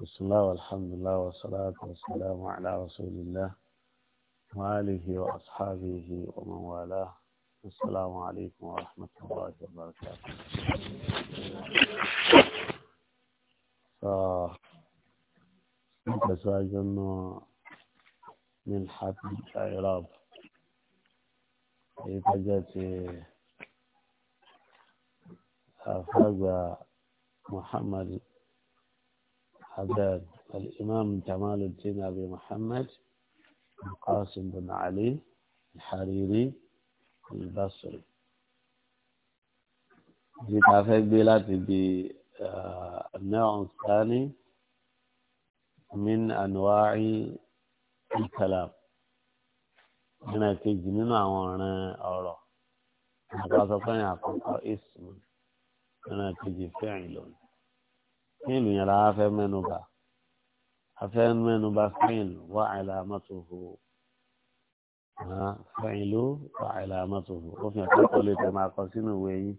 بسم الله والحمد لله والصلاة والسلام على رسول الله وآله وأصحابه ومن والاه السلام عليكم ورحمة الله وبركاته فنتساج من حتم الإعراب يتجت محمد حداد الإمام جمال الدين أبي محمد القاسم بن علي الحريري البصري جتافك بلاتي بالنوع آه، الثاني من أنواع الكلام هنا كيجي من عوانا أورو هذا سوف يعطيك اسم هنا تجي فعلون fíìlù yẹn la fẹ́ mẹ́nuba afẹ́ mẹ́nuba fíìlù wà àìlàmọ́tòfò fíìlù wà àìlàmọ́tòfò ó fi hàn kó lè tẹ̀ máa kọ sínú ìwé yín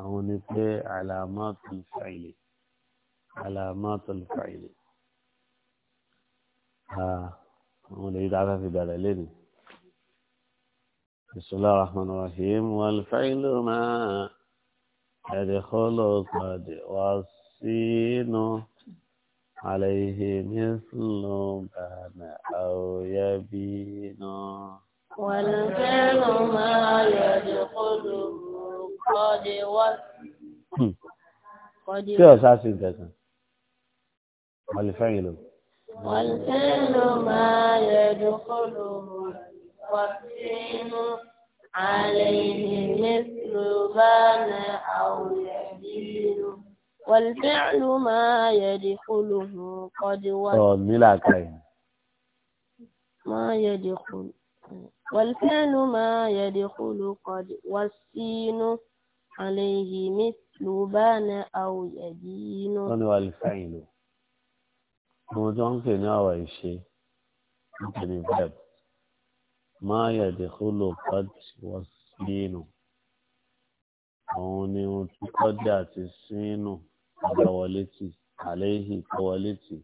àwọn ni pé àìlàmọ́tò fíìlì àìlàmọ́tò fíìlì àwọn lè dá afẹ́ fi bẹ̀rẹ̀ lẹ́nu. بسم الله الرحمن الرحيم والفعل ما يدخل قد وصل يحسن عليه مثل بان أو يبين والفعل ما يدخله hmm. قد وسن tí ọ̀sá sì ń tẹ̀sán wàlìfẹ́yìn ló. wàlìfẹ́yìn ló máa yẹ dókòlò wàsínú àlẹ́ ìhìn mẹ́sìlú bá ní àwùjọ. والفعل ما يدخله قد وجب ما يدخل والفعل ما يدخل قد والسين عليه مثل بان أو يدين والفعل موجود كنا وإشي مثل باب ما يدخل قد والسين هوني وتقدع السين àbẹ̀wọlétì àléhì kọ́wọlétì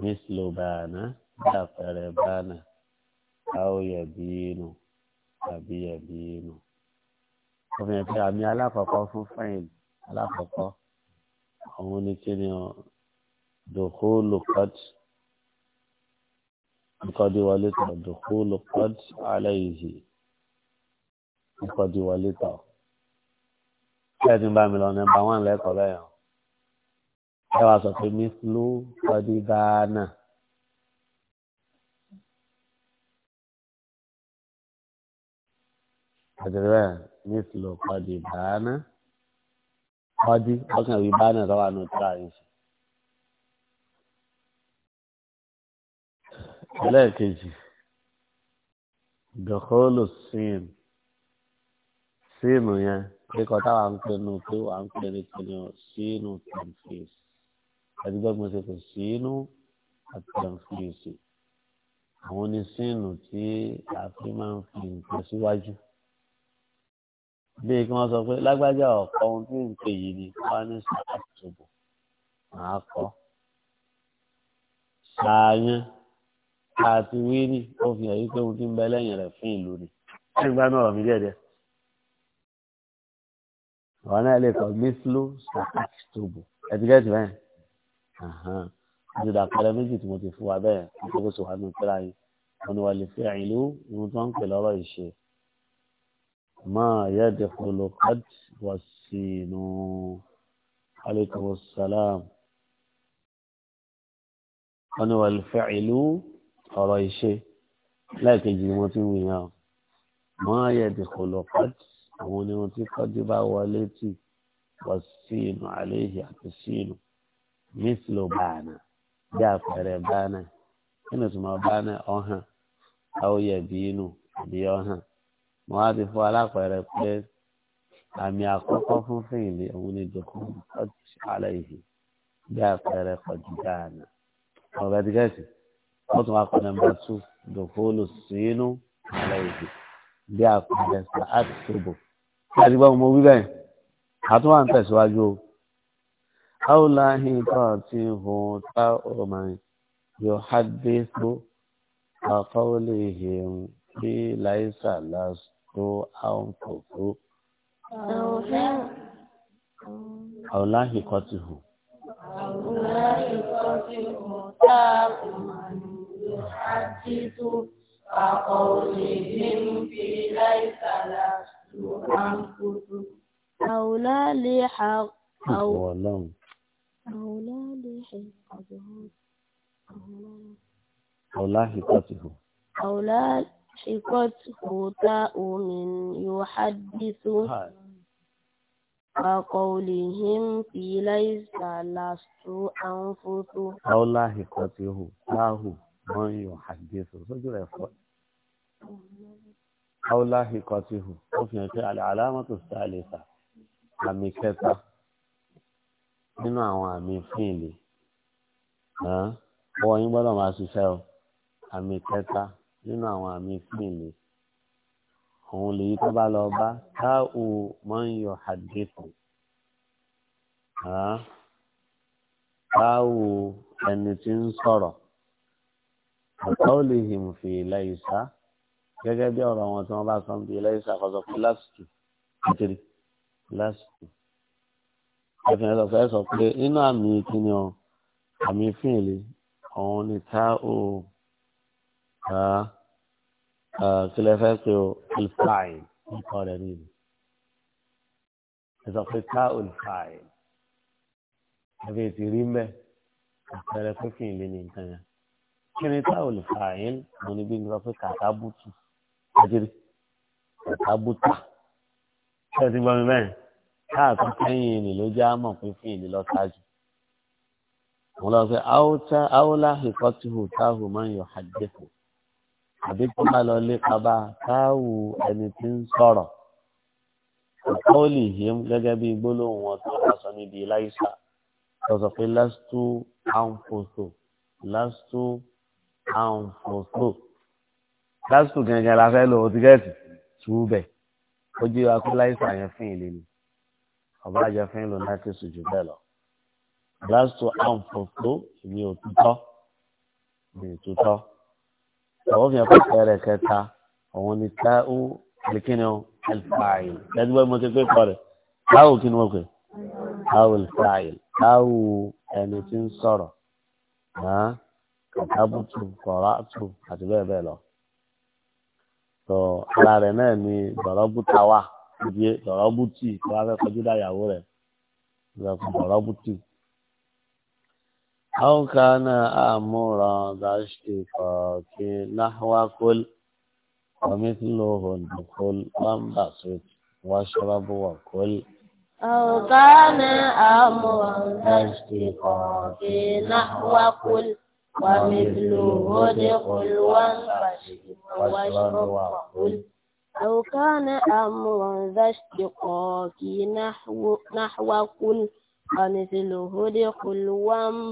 mísìlò bàánà bí àpẹẹrẹ bàánà káwòyẹ bíínú tàbí yẹ bíínú. òfin ẹ̀fẹ́ àmì alákọ̀ọ́kọ́ fún fẹ́yìn alákọ̀ọ́kọ́ àwọn oníkíni ọ dòkóòlù kọ́tì nkọ́dí wọlé tọ̀ dòkóòlù kọ́tì alẹ́ yìí nkọ́dí wọlé tọ̀. kí ẹ wọn lẹ́kọ̀ọ́ lẹ́yìn ẹ wàá sọ pé mislu kọdíbáánà. àdìrẹ́ mislu kọdíbáánà kọdí ọkàn ìwé báánà tó wà ní ìtura yìí. ẹlẹ́ẹ̀kejì dọ̀kọ́lù síìmù síìmù yẹn kíkọ táwa ń pè ní pé wà ń pè ní kíni síìmù tẹ̀síìsì àti gbọ́gbọ́n ṣe kò sí inú àtẹ̀fíìsì àwọn onísìnù tí a fi máa ń fi nǹkan síwájú. bíi kí wọ́n sọ pé lágbájá ọ̀pọ̀ ohun tí ń pè yìí ni wọ́n á ní sàkóso màá kọ́. sàáyán àti wíìnì ó fi hàn yí pé ohun tí ń bẹ lẹ́yìn rẹ̀ fún ìlú ni. ẹgbẹ́ náà ọ̀rọ̀ mi díẹ̀díẹ̀. ọ̀rọ̀ náà lè kọ́ mísìlú sàkóso ẹ̀dígẹ́tì báyìí ó ti dàpẹ́rẹ́ méjì tí mo ti fún wa bẹ́ẹ̀ nítorí kó sòwò àánú pẹ́lá yìí wọn ni wà lè fi àyìn ló ohun tó ń pè lọ́rọ̀ ìṣe máa yẹ dẹ̀kọ̀lọ̀ kọ́d wá sí inú alaikum salam wọn ni wà lè fi àyìn ló ọ̀rọ̀ ìṣe lẹ́ẹ̀kejì ni mo ti wù yàn máa yẹ dẹ̀kọ̀lọ̀ kọ́d àwọn ni wọn ti kọ́jú bá wọlé tì wá sí inú àlejò àti sí inú mísìlò báànà bí àpẹẹrẹ báànà nínú ìtumọ̀ báànà ọ̀hàn àwòyẹ bínú àbí ọ̀hàn mo wá ti fún alápẹẹrẹ pé àmì àkọ́kọ́ fún fìlì òun ni dùkún ọtí ṣàlẹ̀ yìí bí àpẹẹrẹ kọjú báànà ọ̀rọ̀ ẹ̀dígẹ́sì wọ́n tún wá kọ́ nọ́mbà tú dùkún sínú ṣàlẹ̀ yìí bí àpẹẹrẹ sàátì tóbò. ṣé àdìgbò mo wí bẹ́ẹ̀ àtúwà tẹ̀síwájú o. حوله قاته قوما يحدث وقولهم في ليس لست أنفق حوله قاته حوله قاته قوما يحدث وقولهم في ليس لست أنفق حوله حق أو أولى حفظه أولى حفظه تاء من يحدث كقولهم في ليس لست أنفس أولى حفظه تاء من يحدث سجل يفعل أولى حفظه وفي العلامة الثالثة àmì kẹta nínú àwọn àmì fíìlì ọwọ́ yín gbọ́dọ̀ máa ṣiṣẹ́ o àmì kẹta nínú àwọn àmì fíìlì òun lèyí tó bá lọ bá táwù máa ń yọ àdéfò o ẹni tí ń sọ̀rọ̀ ọ̀tọ́ ò lè hìm fi ilẹ̀ ìsá gẹ́gẹ́ bí ọ̀rọ̀ wọn tí wọ́n bá sọ ń bi ilẹ̀ ìsá kọ́sọ́ pé lásìkò kékeré lásìkò ẹ̀sìn ẹ̀sọ̀ fẹ́ sọ pé nínú àmì kíni ọ àmì fìlè ọ̀hún ni tá o kí lẹ fẹ́ pé o ìfàì nípa rẹ̀ nìyí ẹ̀sọ̀ pé tá o ìfàì ẹ̀fẹ̀ ti rí mbẹ́ àpẹẹrẹ pé fìlè ní nǹkan yẹn kí ni tá o ìfàì mo ní bí n sọ pé kàtà bùtù ẹ̀jẹ̀ kàtà bùtà ẹ̀ ti gbọ́ mi bẹ́ẹ̀ káàtún kẹ́yìn ìní ló já mọ̀ pé fún ìní lọ ṣáájú. àwọn lọ sọ àwòtá àwòlá ìkọ́tùhù táhù máa ń yọ àdéhùn àbí kó má lọ lépa bá táwù ẹni tí ń sọ̀rọ̀ ọ̀pọ̀ lè yé gẹ́gẹ́ bí gbólóhùn wọn tó wá sọ níbi láìsà lọ sọ pé lásìtú àǹfòsò lásìtú àǹfòsò lásìtú gẹ́gẹ́ la fẹ́ lò ó túbẹ̀ ó jí wa kó láìsà yẹn fún ìlú ni ọba jẹ fún ìlú náà ti sùn jù bẹ́ẹ̀ lọ lastu anfuktu ìwé òtútọ́ ìwé òtútọ́ ọwọ́ fi hàn pé pẹ̀rẹ̀ kẹta òun ni táwù alikini alfa'il lẹ́nu bẹ́ẹ̀ mo ti pé kọ́ rẹ̀ táwù kí ni wọ́n pè táwù alfa'il táwù ẹni tí ń sọ̀rọ̀ kàtàbùtù kọ̀ràtù àti bẹ́ẹ̀ bẹ́ẹ̀ lọ. tó ara rẹ̀ náà ni bọ̀rọ̀ bùtà wà ibi tọ̀rọ̀ bùtì tó wá fẹ́ kọjú dáyàwó rẹ̀ ìgbàkùn tọ̀rọ̀ bùtì. àwọn kan náà àmúra dàṣẹ kọ̀ọ̀kì náhwákọ́l ọ̀mísìlóhùn dùkọ́l wàmbàṣẹ́t wàṣọ́rọ́bùwàkọ́l. àwọn kan náà àmúra dàṣẹ kọ̀ọ̀kì náhwákọ́l ọ̀mísìlóhùn dùkọ́l wàmbàṣẹ́t wàṣọ́rọ́bùwàkọ́l. لو كان أمرا ذا اشتقاق نحو, نحو كل ومثله دخل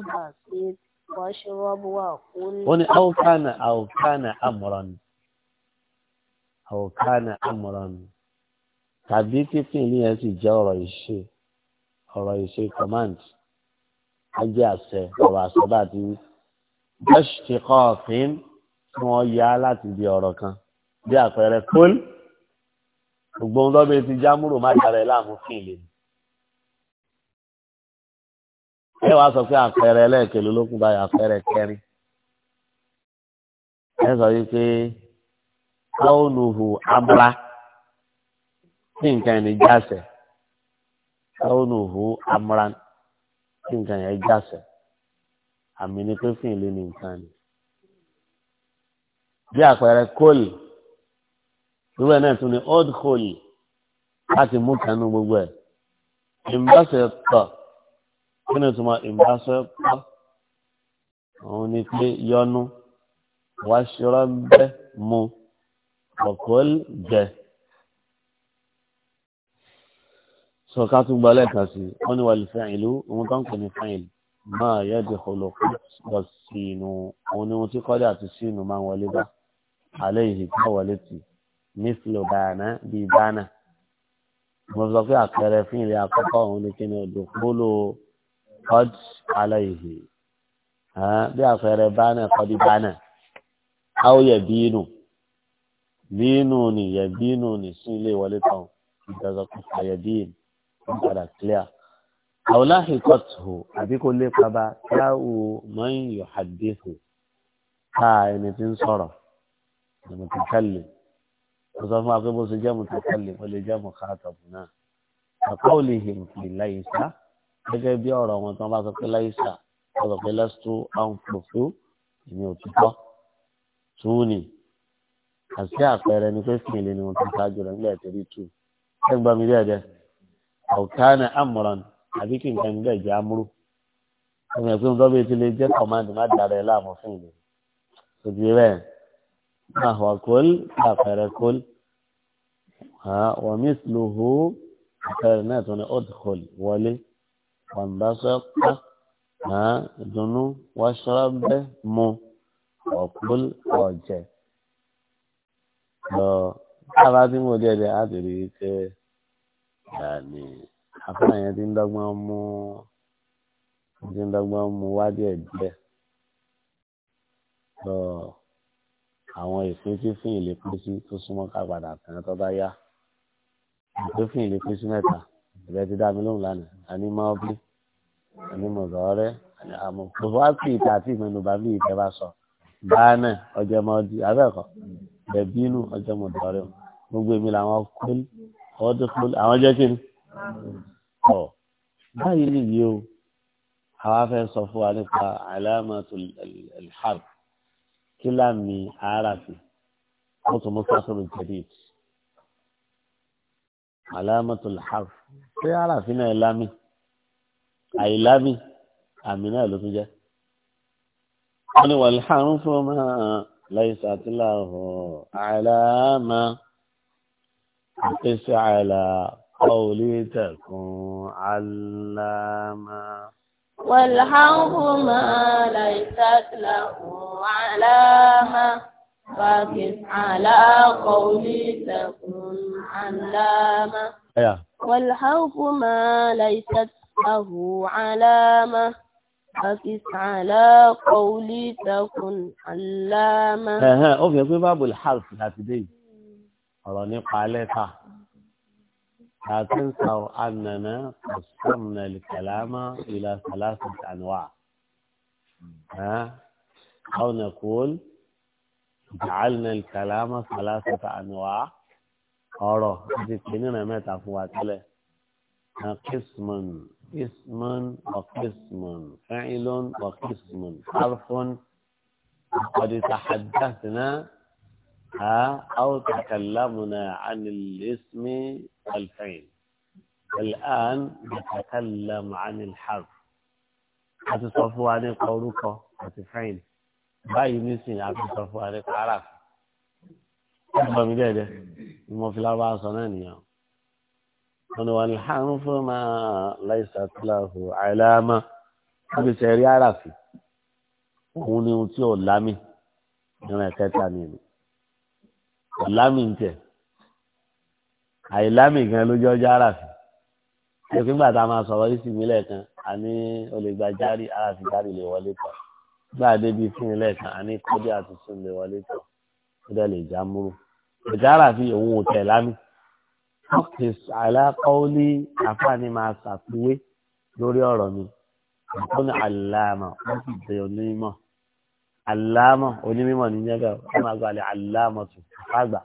بسيط واشرب وكل أو كان أو كان أمرا أو كان أمرا tàbí pínpín ní ẹ sì jẹ́ ọ̀rọ̀ ìṣe ọ̀rọ̀ ìṣe command ajé àṣẹ ọ̀rọ̀ àṣẹ bá ti wí bẹ́ẹ̀ ṣe kọ́ ọ̀fin tí wọ́n yá láti di ọ̀rọ̀ kan bí àpẹẹrẹ kúl gbogbo ohun lọ́bẹ̀ ti jámúrò má jàre láàmú fún ìlè ni. ẹ wàá sọ pé àpẹẹrẹ ẹlẹ́ẹ̀kẹ́lẹ́ olókùn báyìí àpẹẹrẹ kẹrin ẹ sọ yìí pé káwọnùhù abúlá tí nǹkan ẹni jáṣẹ káwọnùhù amúra tí nǹkan ẹni jáṣẹ àmì ni pé fún ìlè ni ni. bí àpẹẹrẹ kóòlì irú ẹ̀ náà tún ni old holy láti mú kanú gbogbo ẹ̀ ìmbáṣẹ tọ̀ kí ni ìtumọ̀ ìmbáṣẹ tọ̀ òun ni pé yọnu wáṣọrọ bẹ mu ọkọọl jẹ sọ ká tún gbọ́ lẹ́ẹ̀kan sí wọn ni wàlú fẹ́ ìlú òun tó ń pè ní fẹ́ máa yẹ di kọlọkọ lọ sí inú òun ni wọn ti kọ́lé àti sí inú máa ń wọlé bá alẹ́ yìí ká wọlé tì í nífìlò bàánà bíi bàánà mo sọ pé àpẹẹrẹ fún ilé àkọ́kọ́ òun ni kí ni odò kúlò kọ́d aláìhè bí àpẹẹrẹ bàánà kọ́dí bàánà áwòyẹ bínú bínú ni yẹ bínú ni sí ilé ìwọlé tán ìjọba kò fàyẹ bínú ń padà clear àwòláhì kọ́tù àbí kò lè paba yáwó mọ́yìn yóò káà ẹni tí ń sọ̀rọ̀ ẹni tí ń kálẹ̀ ó sọ fún wa pé bó ṣe jẹ́ mutakallim ó lè jẹ́ mukhatab náà qawlihim fi laysa gẹ́gẹ́ bí ọ̀rọ̀ wọn tí wọ́n bá sọ pé laysa wọ́n sọ pé lastu anfusu ìní òtítọ́ túùnì àti àpẹẹrẹ ni pé fìlì ni wọ́n ti ṣáájú rẹ̀ nígbà tẹ̀lé tù ẹ gbà mí bẹ́ẹ̀ dẹ́ ọ̀kánà amran àbí kí nǹkan níbẹ̀ jẹ́ amúrú ẹ̀mí ẹ̀pẹ́ ń dọ́bẹ̀ tí lè jẹ́ kọ̀mándì má dàrẹ́ láàmú fún ìlú ما هو كل كافر كل ها ومثله كافرنات ادخل ولي وانبسط ها جنو واشرب مو وكل وجه tábà tí mo díẹ̀ díẹ̀ láti rí i pé yàní afẹ́ràn yẹn ti ń dọ́gbọ́n mú ti ń dọ́gbọ́n mú wá díẹ̀ díẹ̀ àwọn ìpín tí fún ìlè pín sí tó súnmọ́ ká padà tẹ̀lé tó bá yá ìpín fún ìlè pín sí mẹ́ta ìbẹ́ ti dá mi lóhùn lánàá àní máa bí àní mo zọ ọrẹ àmọ́ kò wá sí ìta àti ìmẹnubà bí ìtẹ bá sọ báánà ọjọ́ mọ ọdí abẹ́ẹ̀kọ́ bẹ̀bí inú ọjọ́ mọ dọ̀rẹ́ gbogbo èmi làwọn kúl ọdún kúl àwọn jẹ́ kí ni ọ̀ báyìí nìyí o àwa fẹ́ sọ fún wa nípa àlámàtul harb kila mi arafi wato musafirun jadid alamatul harf sai arafi na ilami a ilami amina ló tún jẹ wani walharun fún ma laisa tilahu alama àti sí ala kọ́ọ̀lì tẹ̀kùn alama. والحرم ليست له علامة فاكس على قولي تكون علامة والحرف ما ليست له علامة فاكس على قولي تكون علامة. ó fi hàn pé báàbò الحرف láti dé ọ̀rọ̀ nípa لا تنسوا أننا قسمنا الكلام إلى ثلاثة أنواع ها أو نقول جعلنا الكلام ثلاثة أنواع أرى ذكرنا ما تعفوات له قسم اسم وقسم فعل وقسم حرف قد تحدثنا ها أو تكلمنا عن الاسم الفعل الآن نتكلم عن الحرف هتصفوا عن قولك أتفعل؟ باي نسين هتصفوا عن الحرف أفهم ده ما في الأربع سنين الأربعة صنانية والحرف ما ليست له علامة أبي سيري عرفي هوني وتيو لامي أنا كتاني lámì ń tẹ̀ àìlámì gan lójú ọjọ́ àràfì ẹ̀kú ńgbà tá a máa sọ̀rọ̀ yìí sì mí lẹ́ẹ̀kan a ní olùgbà járí àràfì járí lè wọlé tọ̀ gbà débi fún mi lẹ́ẹ̀kan a ní kọ́dé àti sùn lè wọlé tọ̀ ó dẹ̀ lè já múrò ọjà àràfì òun ò tẹ̀ lámì ọ̀kìs alákọ́ọ́lì àfààní máa ṣàfiwé lórí ọ̀rọ̀ mi ọ̀tún ni àlàmà ó sì dẹ̀ onímọ̀ àlámọ̀ onímọ̀ ní jẹ́bẹ̀ wọ́n máa gbalẹ̀ àlámọ̀ tù àgbà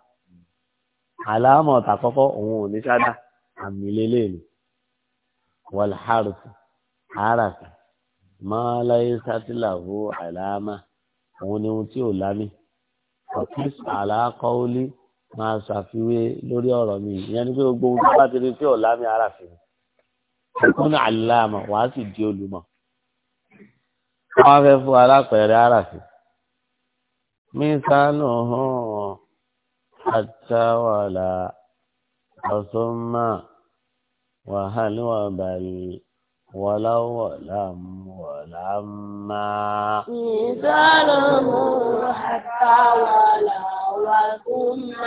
àlámọ̀ tàkọ́kọ́ òun ò ní sádà àmì lélẹ́ẹ̀lì wàlhárùtù àràkà máláyé sátìláwò àlámà òun ni ohun tí ò lámì ọ̀kís àlákọ́ọ́lì máa ṣàfiwé lórí ọ̀rọ̀ mi ìyẹn ni pé gbogbo ohun tó bá ti rí tí ò lámì àràfin ìkúnnà àlámọ̀ wàá sì di olùmọ̀ wọ́n fẹ́ fún alápẹ̀rẹ̀ àràfin. مثاله حتى ولا وثم وهل وبل ولو ولم ولما مثاله حتى ولا وثم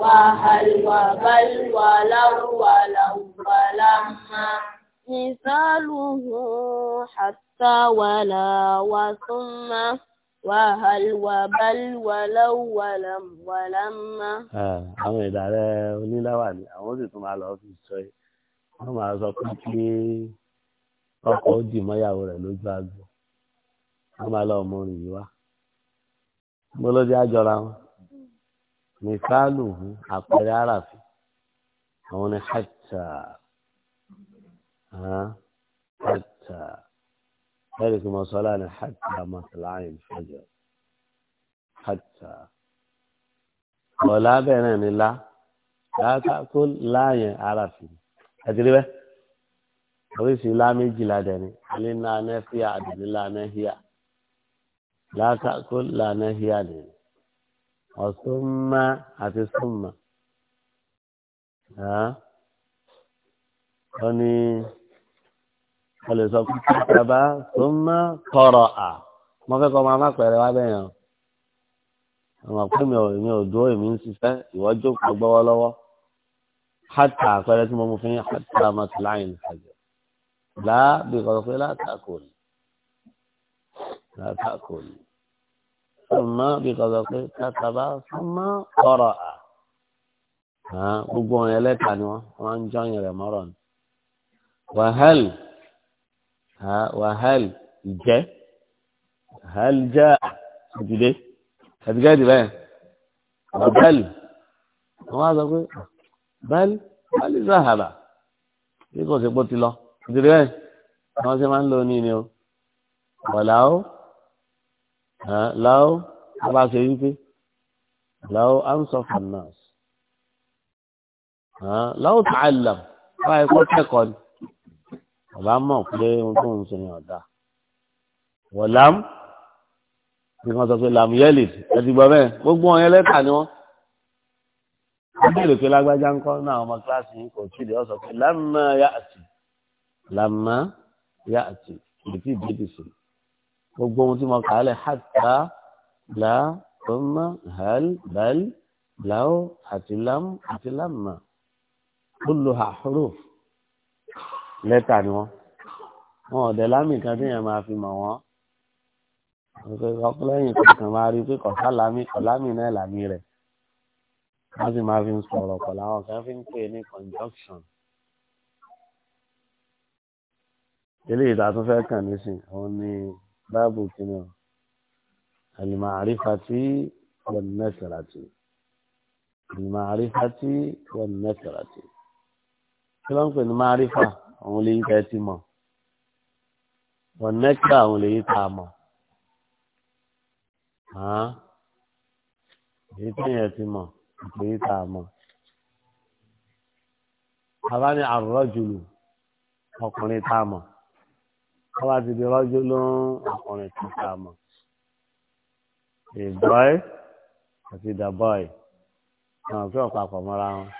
وهل وبل ولو ولو ولما مثاله حتى ولا وثم wàhálì wàbálì wàláwù wàlámà. àwọn ìdàrẹ oníláwà ni àwọn sì tún máa lọ fi sọ yìí wọn máa sọ pé kí ọkọ ó dì mọ́yàwó rẹ̀ lójú àgbo wọn máa lọ mú rìn yìí wá gbọlọdẹ àjọra wọn mìsàlù àpẹẹrẹ àràfi àwọn ni hàtà hàtà. ذلك ما صلانا حتى ما مطلع الفجر حتى ولا بين لا لا تأكل لا يعرفي أدري به أريس لا ميجي لا دني لنا نفيا لا نهيا لا تأكل لا نهيا دني وثم أتي ثم ها أني wọ́n lè sọ pé kàtàbà tó ń mọ́ kọ̀rọ̀ à mo fẹ́ kọ́ máa má pẹ̀rẹ̀ wá bẹ́ẹ̀ yẹn àmọ́ pé mi ò mi ò dúró èmi ń ṣiṣẹ́ ìwọ́ jókòó gbọ́wọ́ lọ́wọ́ hàtà àpẹẹrẹ tí mo mú fún yín hàtà mọ́tìláyìn àjọ làá bí kọ́ pé látàkò ní látàkò ní sọmọ bí kọ́ pé kàtàbà tó ń mọ́ kọ̀rọ̀ à gbogbo ọ̀yẹ́lẹ́ta ni wọ́n wọ́n ń jọyìn rẹ̀ mọ́rọ̀ ni wàhálì wàhálì ìjẹ́ wàhálì já àdìdé àdìgá ìdìbà yẹn wàhálì àwọn àgbà pé báyìí báyìí zahara bí kò sí pọ́ ti lọ ìdìbà yẹn àwọn ṣe máa ń lò ní ni o wàláwó láwó abáṣe wípé láwó ansọfà náà láwó tààlà báyìí kọ́ kẹ́kọ̀ọ́ ni ọba mọ̀ pé ohun tó ń sèyàn ọ̀dà wọ̀lám ni wọ́n sọ pé làmúyẹ́lì ẹtì gbọ́ bẹ́ẹ̀ gbogbo wọn yẹn lẹ́tà ni wọ́n wọ́n béèrè pé lágbájá ń kọ́ náà ọmọ kíláàsì yìí kò tí ì ọ sọ pé lámà yá àtì lámà yá àtì ìdìtì ìdìbìsì gbogbo ohun tí mo kà á lẹ̀ hàtà là ọmọ hàl bàl làó àti lám àti lámà ó lo àhúrò lẹ́tà ni wọ́n wọn ọ̀dẹ̀ lámì kan tí yẹn máa fi mọ̀ wọ́n lẹ́yìn kankan máa rí pé kọ̀ọ̀ká lámì kọ̀lámì náà lámì rẹ̀ wọ́n sì máa fi ń sọ̀rọ̀ pọ̀ láwọn kan fi ń pè ní conjunction. eléyìí tá a tún fẹ́ kàn nísìn òun ni báàbù kìíní o àlùmọ̀ àrífàtì wọn mẹ́sàràtì àlùmọ̀ àrífàtì wọn mẹ́sàràtì kí ló ń pè ní máa rífà òun lè ń kẹ́ ti wọn nẹ́kà àwọn lèyí tá a mọ̀ hàn èyí tẹ̀yẹ̀ ti mọ̀ lèyí tá a mọ̀ bàbá ní àrọ́jùlù ọkùnrin tá a mọ̀ bàbá ti di rọ́jùlù ọkùnrin tá a mọ̀ ìbọ́ẹ̀ àti dàbọ́ẹ̀ àwọn òfin ọ̀pọ̀ àpọ̀ mọ́ra wọn.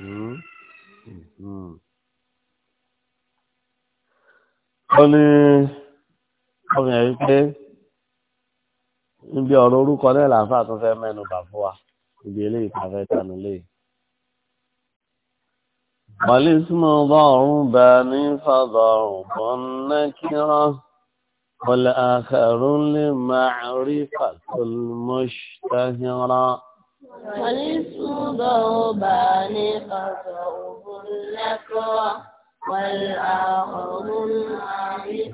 Mm-hmm wọ́n ní ọmọ yìí pé níbi ọ̀rọ̀ orúkọ náà làǹfà tó fẹ́ mẹ́nu bà fún wa ibi eléyìí tá a fẹ́ tanu léyìí. والاسم ضرب فضرب النكرة والآخر لمعرفة المشتهرة والاسم ضربان فضرب النكرة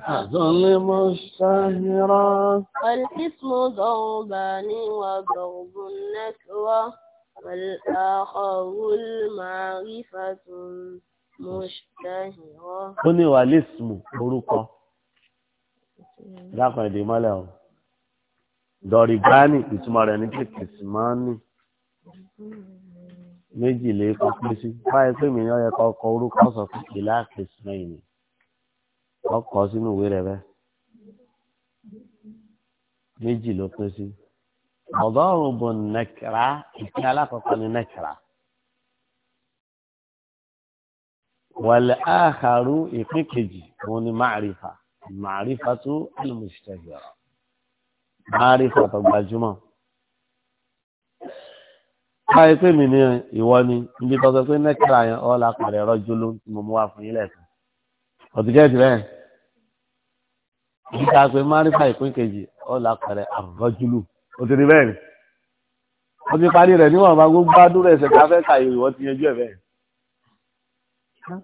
الظلم الساهرة والاسم ضربان وضرب النكرة والآخر المعرفة مشتهرة هنا والاسم orúkọ لا èdè mọ́lẹ̀ ọ̀ dọ̀rìbáni ìtumọ̀ rẹ̀ ní méjì lè kọ pé sí báyìí pé mi yọ yẹ kọ kọ orúkọ sọ fún ìlà kìsìmẹ́yìn ni ọkọ sínú ìwé rẹ bẹ́ẹ̀ méjì ló pé sí ọ̀dọ́rùn bò nẹkìrá ìpín alákọ̀ọ́kọ́ ni nẹkìrá wàlẹ̀ áhàrú ìpín kejì òun ni máàrífà máàrífà tó àlùmùsítẹ̀gì ọ̀rọ̀ máàrífà tó gbajúmọ̀ báyìí pé mi ní ìwọ ni níbi tó sọ pé nẹ́kìlá yẹn ọ́ la pàdé ẹ̀rọ jóló tí mo mú wá fún yín lẹ́ẹ̀kan ọ̀tíkẹ́ẹ̀tì bẹ́ẹ̀ níta pé márífà ìpín kejì ọ́ la pàdé àrọ́júlù ó ti rí bẹ́ẹ̀ ni ó ti parí rẹ̀ níwọ̀n bá gbogbo àdúrà ẹsẹ̀ ká fẹ́ kàyè ìwọ ti yanjú ẹ̀ bẹ́ẹ̀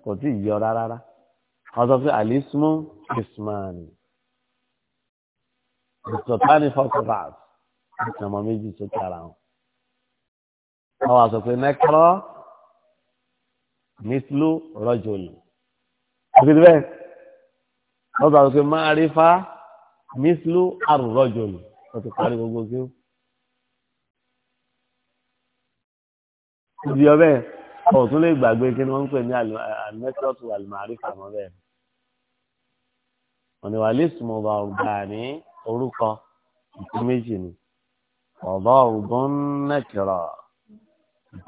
kò tí ì yọ rárá wọ́n sọ pé àlísmú kìsmánì ìsọ̀tánì fọ́kùnrán àwọn àṣọ pé mẹ́kọ́rọ́ mísìlú rọ́jòlù òkèdè bẹ́ẹ̀ wọ́n bá sọ pé máa rí fa mísìlú àrùn rọ́jòlù wọ́n ti parí gbogbo kí ó. ìdí ọbẹ̀ ọ̀ tún lè gbàgbé kí ni wọ́n ń pè ní àlùmẹ́tọ́tù àlùmárì fàmọ́ bẹ́ẹ̀. òníwàlẹ́ ìsúnmọ̀bà ọ̀gbà ní orúkọ ìpín méjì ni ọ̀bọ̀ ọ̀gbọ́n nẹ́kìrọ̀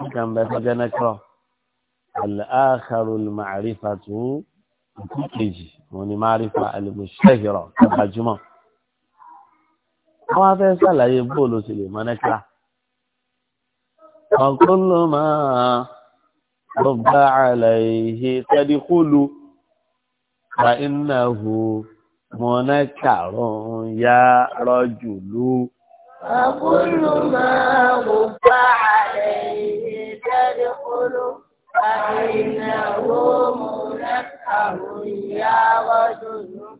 nǹkan bẹ tó jẹ́ nẹ́kọ́ al-akharul ma'rifatu nǹkan kejì òun ni ma'rifa al-mushtahira tó gbajúmọ̀. àwọn afẹ́ sàlàyé bóòlù sì lè mọ ọ̀kúnlù máa rọ̀bà àlàyé tẹ́díkúlù fa innahu munkarun ya rajulu. ọ̀kúnlù máa rọ̀bà. القول فإنه منكر يا رجل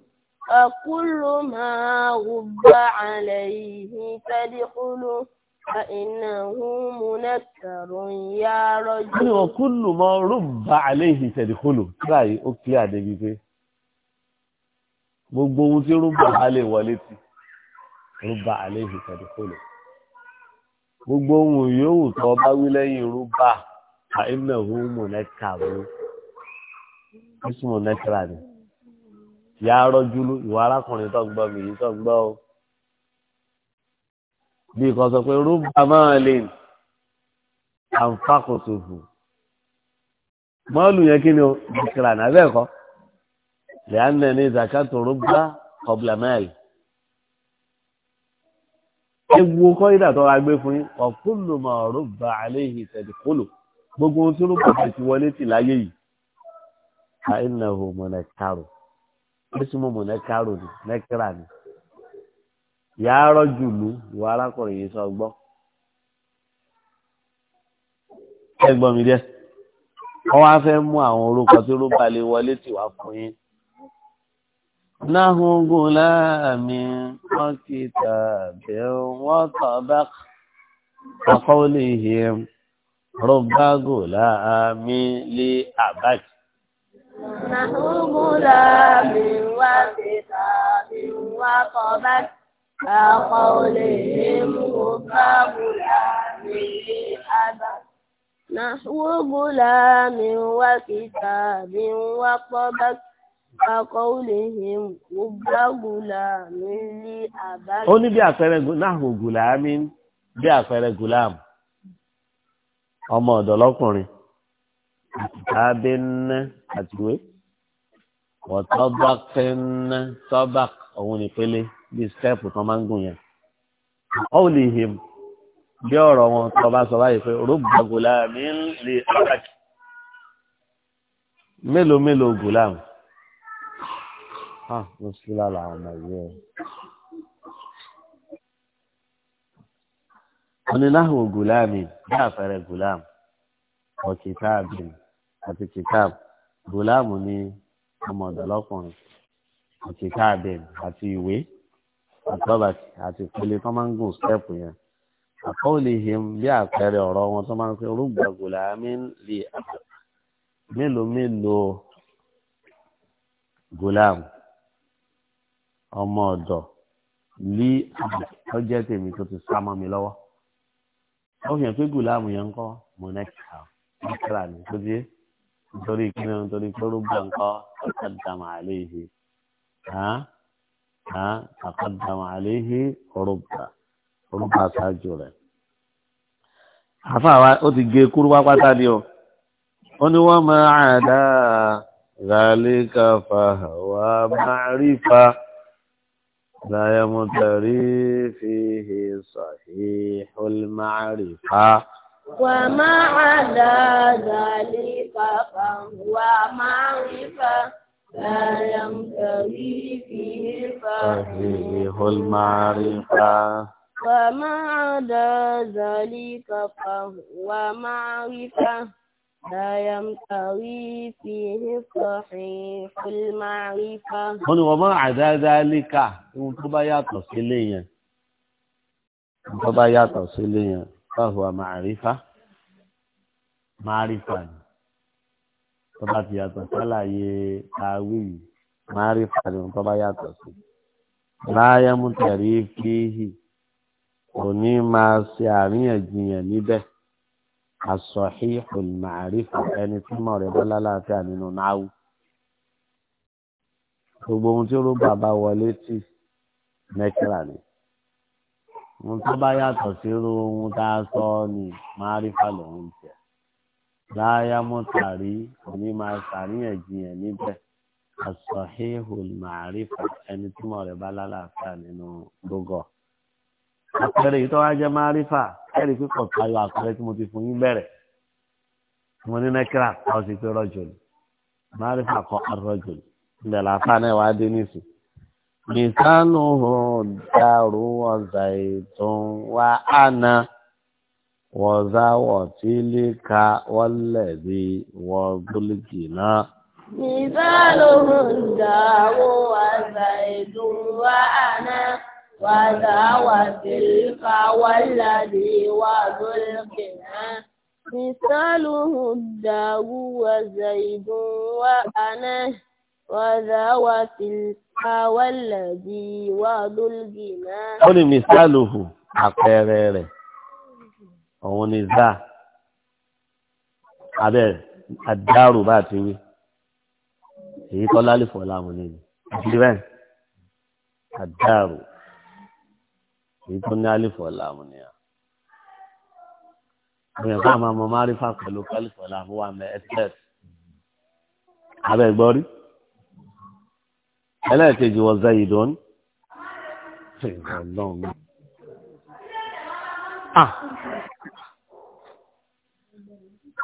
فكل ما غب عليه فدخله فإنه منكر يا رجل وكل ما رب عليه فدخله báyìí ó kílẹ̀ àdébí pé gbogbo ohun tí rúbà á lè wọlé tí rúbà á lè fi tẹ̀lé kó gbogbo ohun yòówù tó bá wí lẹ́yìn rúbà. فإنه منكر اسم نكرة يا رجل وراكم تغبى من تغبى bí kan sọ pé rúbà máa lè àǹfàkòsòfò mọ́ọ̀lù yẹn kí ni ó dìkìrà nábẹ́ ẹ̀kọ́ lẹ́yìn ní zakato rúbà kọ̀blámẹ́lì ewu kọ́ ìdàtọ́ agbé fún yín ọ̀kúlùmọ̀ rúbà àléhìí tẹ̀díkúlù gbogbo ohun tí olùkọ́ta ti wọlé tì láyé yìí ká iná hù mọ̀nẹ́kárò ẹ̀sùn mọ̀ mọ̀nẹ́kárò ni nẹ́kírà ni yàárọ̀ jùlù ìwà arákùnrin yìí sọ gbọ́. ẹ gbọ́ mi díẹ̀ wọ́n wá fẹ́ mú àwọn orúkọ tí ló bá wọlé tì wá fún yín. Náhùngún láàmì wọ́n kì í tàbí wọ́n tọ́ bá kọ́kọ́ lè yẹ rọ̀bágò láàmì lé àbájì. Nàhùmù láàmì wá sí tàbí wá kọ́ bá àkọ́ olè mú báàbù láàmì lé àbájì. Nàhùmù láàmì wá sí tàbí wá kọ́ bá àkọ́ olè mú báàbù láàmì lé àbájì. Ó ní bí àpẹẹrẹ náà gùlàmí bí àpẹẹrẹ gùlàmù ọmọ ọ̀dọ̀ lọ́kùnrin àbínná àtiwé wọ́tọ́bákínná tọ́bák òun nípele bíi stẹ́ẹ̀pù tán máa ń gùn yẹn. ó lè hìm bí ọ̀rọ̀ wọn tó bá sọ báyìí pé rúgbà gùlámì ń lè ọ̀dàkì mélòó mélòó gùlámù. ah mo sì lára ọmọ yìí ẹ. oníláhùn gùlámì bí àpẹẹrẹ gùlám ọ kìtáàbì àti kìtáàb gùlámù ní ọmọdọlọkùnrin ọ kìtáàbì àti ìwé àtọ́bàtì àti ìpele tó máa ń gùn stẹ́ẹ̀pù yẹn àkọọ́lẹ̀ ìhìn bí àpẹẹrẹ ọ̀rọ̀ wọn tó máa ń pè rúgbà gùlámì lè àpẹ mélòó mélòó gùlám ọmọ ọ̀dọ̀ lé ọjọ́ tèmi tó ti sá mọ́ mi lọ́wọ́ wọ́n fi hàn pé gùlámù yẹn ń kọ́ mọ̀nẹ́kà mọ́kàrà ní tó dé nítorí kíni nítorí kórógbà ń kọ́ àkàdàmà àléhì àkàdàmà àléhì rúbà rúbà ṣáájú rẹ̀. àfàwa ó ti gé e kúrú pápátá ni o ó ní wọ́n máa àdá zàlíkà fàhà wà máa rí fa. لا يمتري فيه صحيح المعرفة وما على ذلك فهو معرفة لا يمتري فيه صحيح المعرفة وما على ذلك فهو معرفة لا يمتوي فيه صحيح المعرفة wọ́n ni wọ́n máa àdá dáálíkà ohun tó bá yàtọ̀ sílé yẹn tó bá yàtọ̀ sílé yẹn báwo a màrífà màrífà ni tó bá ti yàtọ̀ sálàyé àwí yìí màrífà ni tó bá yàtọ̀ sí láyé mú tẹ̀rí fíhì kò ní máa ṣe àríyànjiyàn níbẹ̀ asọ̀híhùn màrífù ẹni tí mọ̀ rẹ̀ bọ́lá láàfíà nínú náwó. gbogbo ohun tí rúbà bá wọlé tì nẹ́kírà ni. ohun tó bá yàtọ̀ sí irú ohun tá a sọ ni màrífà lòun jẹ́. láyà mọ́tàrí òní máa ṣàríyànjiyàn níbẹ̀ asọ̀híhùn màrífù ẹni tí mọ̀ rẹ̀ bọ́lá láàfíà nínú gbogbo àpẹẹrẹ yìí tó wá jẹ́ márífà ẹ̀rí pípọ̀ tayọ àpẹẹrẹ tí mo ti fún yín bẹ̀rẹ̀ mo ní nẹ́kírà kọ́ sí pé rọ́jò ni márífà kọ́ rọ́jò ni ilẹ̀ làáfà náà wá dé nísì. nìsánùhùn dàrú wọ̀zà ètò wa àná wọ̀zà wọ̀tílíkà wọ́lẹ̀bí wọ́gbólíkì náà. nìsánùhùn dàrú wọ̀zà ètò wa àná. وذا وتلك والذي وذو القنا مثاله الدار وزيد وأنا وذا وتلك والذي وذو القنا قل مثاله àpẹẹrẹ rẹ̀ òun ni za abẹ àdárò bá ti wí èyí tọ́lá èyí tó ní àlìfọ̀ làmù ni à. àwọn ẹ̀kọ́ àmọ́ ọmọ máa rí fà pẹ̀lú kálífọ̀ làmù wà mẹ́ ẹ̀tẹ́t. abẹ́ gbọ́ rí. ẹlẹ́ẹ̀kejì wọ zayidon.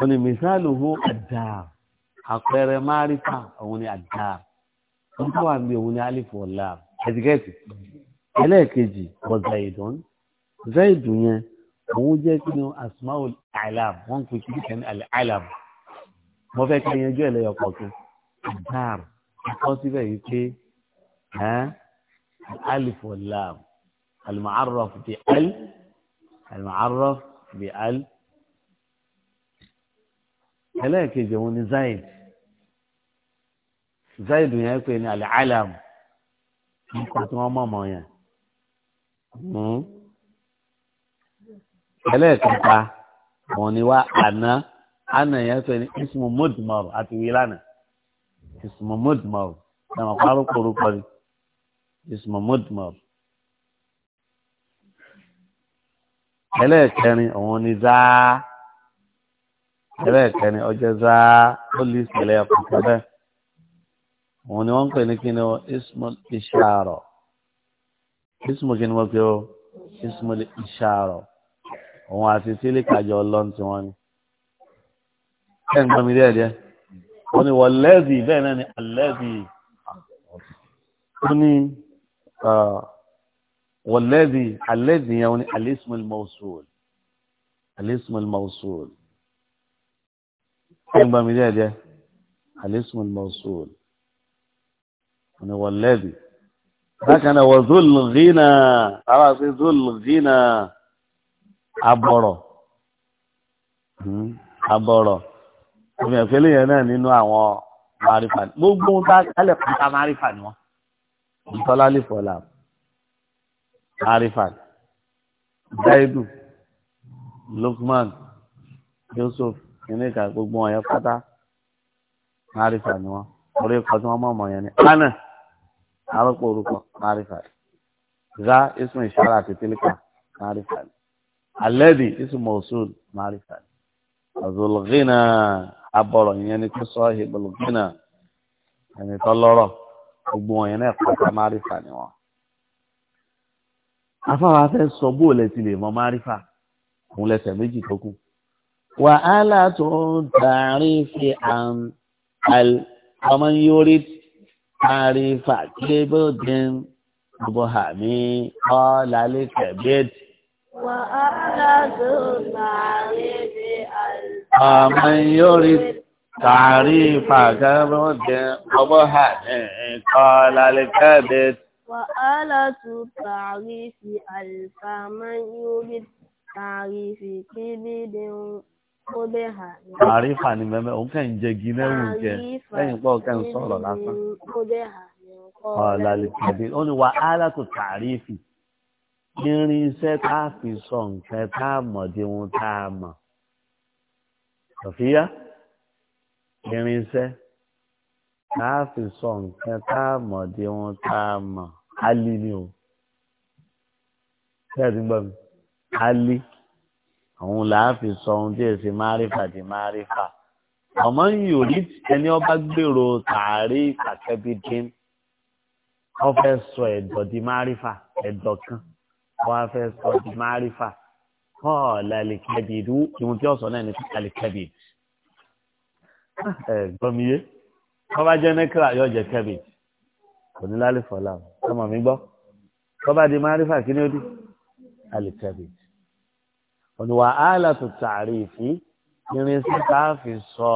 Oni ah. misalu hu ada àpẹẹrẹ máa rí fà òun ni ada. Wọ́n tó wà ní òun ni àlìfọ̀ làmù ẹlẹ́ẹ̀kejì wọ́n zaidun zaidu yẹn òun jẹ́ kí ni asmaul alam wọ́n pè kí kẹ́ni alam mo fẹ́ kí ẹyẹjú ẹ̀ lẹ́yọ̀ pọ̀ tó dáàrù kọ́ síbẹ̀ yìí pé alif lam al-mu'arraf bi al al-mu'arraf bi al ẹlẹ́ẹ̀kejì òun ni zaid zaid yẹn pè ní al-alam nípa tí wọ́n mọ̀ mọ́ yẹn. Hmm. ẹlẹ́ẹ̀kẹta wọn ni wá àná àná yẹn sọ ní ismu mudmar àti wílànà ismu mudmar ẹ̀wọ̀n párọ̀kọ̀rọ̀ kọ́ni ismu mudmar. ẹlẹ́ẹ̀kẹrin òun ni záá ẹlẹ́ẹ̀kẹrin ọjọ́ záá ó lè ṣẹlẹ̀ ọkùnrin bẹ́ẹ̀ òun ni wọ́n ń pè ní kí ni ismu isharo ismu kí ni wọ́n pe ó ismu ìṣàrọ̀ òun àti sílíkàjọ ọlọ́run tí wọ́n ní. ẹ̀ ń gbọ́ mi díẹ̀ díẹ̀ wọ́n ní wọ́n lẹ́ẹ̀dì bẹ́ẹ̀ náà ni àlẹ́ẹ̀dì ó ní wọ́n lẹ́ẹ̀dì yẹn wọ́n ní al-ismu al-mawsul al ń gbọ́ mi díẹ̀ díẹ̀ al-ismu al-mawsul wọ́n bákan náà wọ́n zulghina àwọn àti zulghina abọ̀rọ̀ hmm, abọ̀rọ̀ ìmọ̀ ìfẹ́lẹ́ yẹn náà nínú àwọn marifa gbogbo ohun tá a kálẹ̀ pátá marifa ni wọ́n ìtọ́lá lè fọlá marifa daidu lukman yusuf kìnìkan gbogbo wọn yẹn pátá marifa ni wọ́n orí ẹ̀kọ́ tí yẹn ni arọ́pò orúkọ márífà za ismu ìṣàrà àti tílíkà márífà alẹ́dì ismu mọ̀sùl márífà azulghina abọ̀rọ̀ ìyẹn ni kò sọ ìbùlùgínà ẹni tó lọ́rọ̀ gbogbo wọn yẹn náà pàtà márífà ni wọn. afáwa fẹ́ sọ bó lẹ ti lè mọ márífà òun lẹsẹ̀ méjì tó kù. wàhálà tó ń tààrí fi àn al ọmọ yóò àrífà kébòdì bùhàmí ọ̀làlẹ̀ kẹ̀bẹ́ẹ̀dì. wà á lásù nàárí bí àlùfáà. ọmọ yórí tàrífà kébòdì bùhàmí ọ̀làlẹ̀ kẹ̀bẹ́ẹ̀dì. wà á lásù tàrífì àlùfáà máa yórí tàrífì kébìdì. Àrífà ni mẹ́mẹ́, òun kẹ́ ń jẹ gi mẹ́rù jẹ, lẹ́yìn pọ̀ kẹ́ ń sọ̀rọ̀ lásán. Ọ̀la lè pàdé, ó ní wa alákò tàrífì. Irin iṣẹ́ tá a fi sọ nǹkan tá mọ̀ di ohun tá mọ̀. Sọ̀fíyá, irin iṣẹ́ tá fi sọ nǹkan tá mọ̀ di ohun tá mọ̀. Alí ni o. Ṣé ẹ̀ ti gbọ́ mi? Alí òun là á fi sọ ohun tí èsì márífà di márífà ọmọ yìí ò ní ẹni ọba gbèrò tààrí kàkẹ́bídín wọ́n fẹ́ sọ ẹ̀dọ̀ di márífà ẹ̀dọ̀ kan wọ́n fẹ́ sọ di márífà kọ́ọ̀lù alikẹ́bìdì ìwọ̀n tí ọ̀sán náà ní alikẹ́bìdì ah, ẹ̀ gbọ́mìyé wọ́n bá jẹ́ nẹ́kírà yóò jẹ́ kẹ́bìdì kò ní lálẹ́ fọ́lá ọmọ mi gbọ́ wọ́n bá di márífà kí ni ó di alikẹ́bìdì òníwà áàlà tó tààrífì irinṣẹ́ tá a fi sọ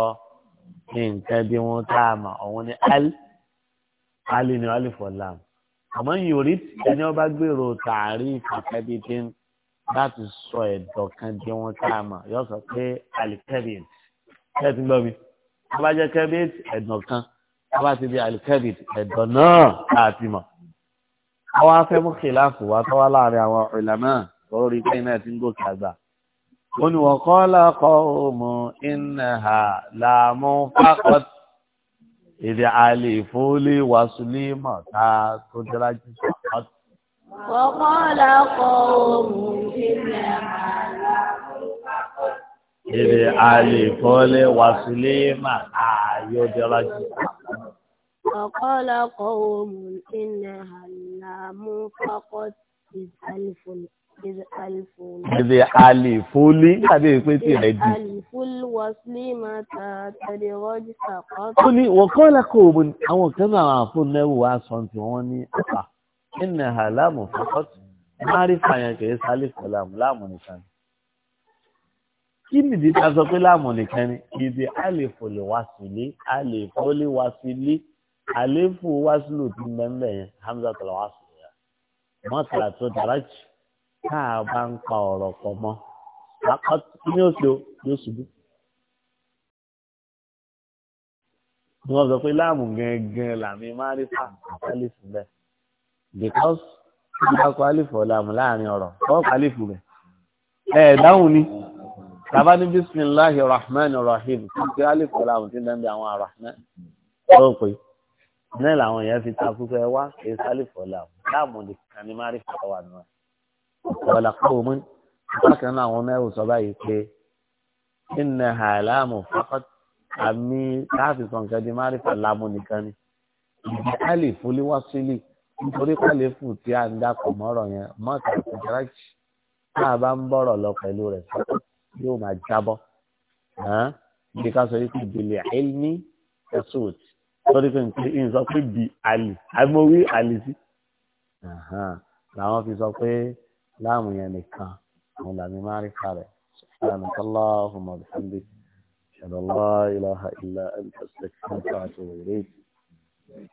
nǹkan bí wọ́n tá a mọ̀ òun ni al ali ni alifọ̀ lam àmọ́ yorì ẹni ọba gbèrò tààrífì kẹ́bi tí ń láti sọ ẹ̀dọ̀ kan bí wọ́n tá a mọ̀ yóò sọ pé alikẹ́bìn kẹ́ẹ̀tì gbọ́ mi wọ́n bá jẹ́ kẹ́bìn ẹ̀dọ̀ kan wọ́n bá ti di alikẹ́bìn ẹ̀dọ̀ náà láti mọ̀ àwọn afẹ́mú kìláàfù wa tọ́wọ́ láàrin àwọn ìlànà lórí pé iná ẹ̀ ti ń gòkè àgbà ó ní wọ́n kọ́ lákọ́ òmù ìnáhà làmú fákọ́t èdè àlè fólé wàsúlé mọ̀ta tó dára jù fákọ́t. wọ́n kọ́ lákọ́ òmù ìnáhà làmú fákọ́t. èdè àlè fólé wàsúlé mọ̀ta yóò dára jù fákọ́t. وقال قوم إنها اللام فقط إذ ألف Bèbè àlèfólé tàbí èpè tí rẹ̀ di. Àlèfólé wọ́sílé máa ta tẹ̀lé rọ́jì kàkọ́. Ó ní wọ́n kọ́ lẹ́kọ̀ọ́ òbò ni àwọn kan náà àwọn àfọ̀nẹ́wò wa sọ tí wọ́n ní ọ̀pá. Ẹnà àlámù fọ́kọ́tù máa rí fàyàn kìí sálẹ̀ pẹ̀lámù láàmù nìkan. Kí nìdí ta sọ pé láàmù nìkan ni? Bèbè àlèfólé wọ́sílé àlèfólé wọ́sílé àlèfó wọ́sílò ti mẹ́mẹ́ yẹn Hamza Tọ́lá wọ́sílè yẹn. Mọ́tàlá tó dára jù tá a bá ń pa ọ̀rọ̀ pọ̀ mọ́ ní oṣù yóò ṣubú. ni wọ́n sọ pé láàmù gangan làmì máa rí fà àtàlìfù bẹ́ẹ̀ because bí a kọ àlìfù ọ̀làmù láàrin ọ̀rọ̀ wọ́n kọ rẹ̀. ẹ dáhùn ni bàbá ní bisimilahi rahman rahim kí kí àlìfù ọ̀làmù ti dẹ́n àwọn rahman ló pé náà làwọn èèyàn fi takú pé wá kí àlìfù ọ̀làmù láàmù nìkan ni máa rí fà wà nù ẹ̀ ọ̀la kọ́ọ̀mù bákan náà àwọn mẹ́rin sọ báyìí pé ìnà àlámù fákọ́t àmì káàfin kọ̀ǹkan di márífà lámù nìkan ni ìdí àlèfò léwásílì nítorí pàlẹ́fù tí a ń dàpọ̀ mọ́rọ̀ yẹn mọ́tà kùtàràkì tá a bá ń bọ̀rọ̀ lọ pẹ̀lú rẹ̀ yóò máa jábọ́ bí ká sọ yìí ìdílé àìní ẹ̀sùt lórí pé nǹkan ìyìn sọ pé bí àlè àmọ́wé àlè sí làwọn fi sọ pé. láàmù yẹn nìkan àwọn làmì máa سبحانك اللهم وبحمدك أشهد أن لا إله إلا أنت أستغفرك وأتوب إليك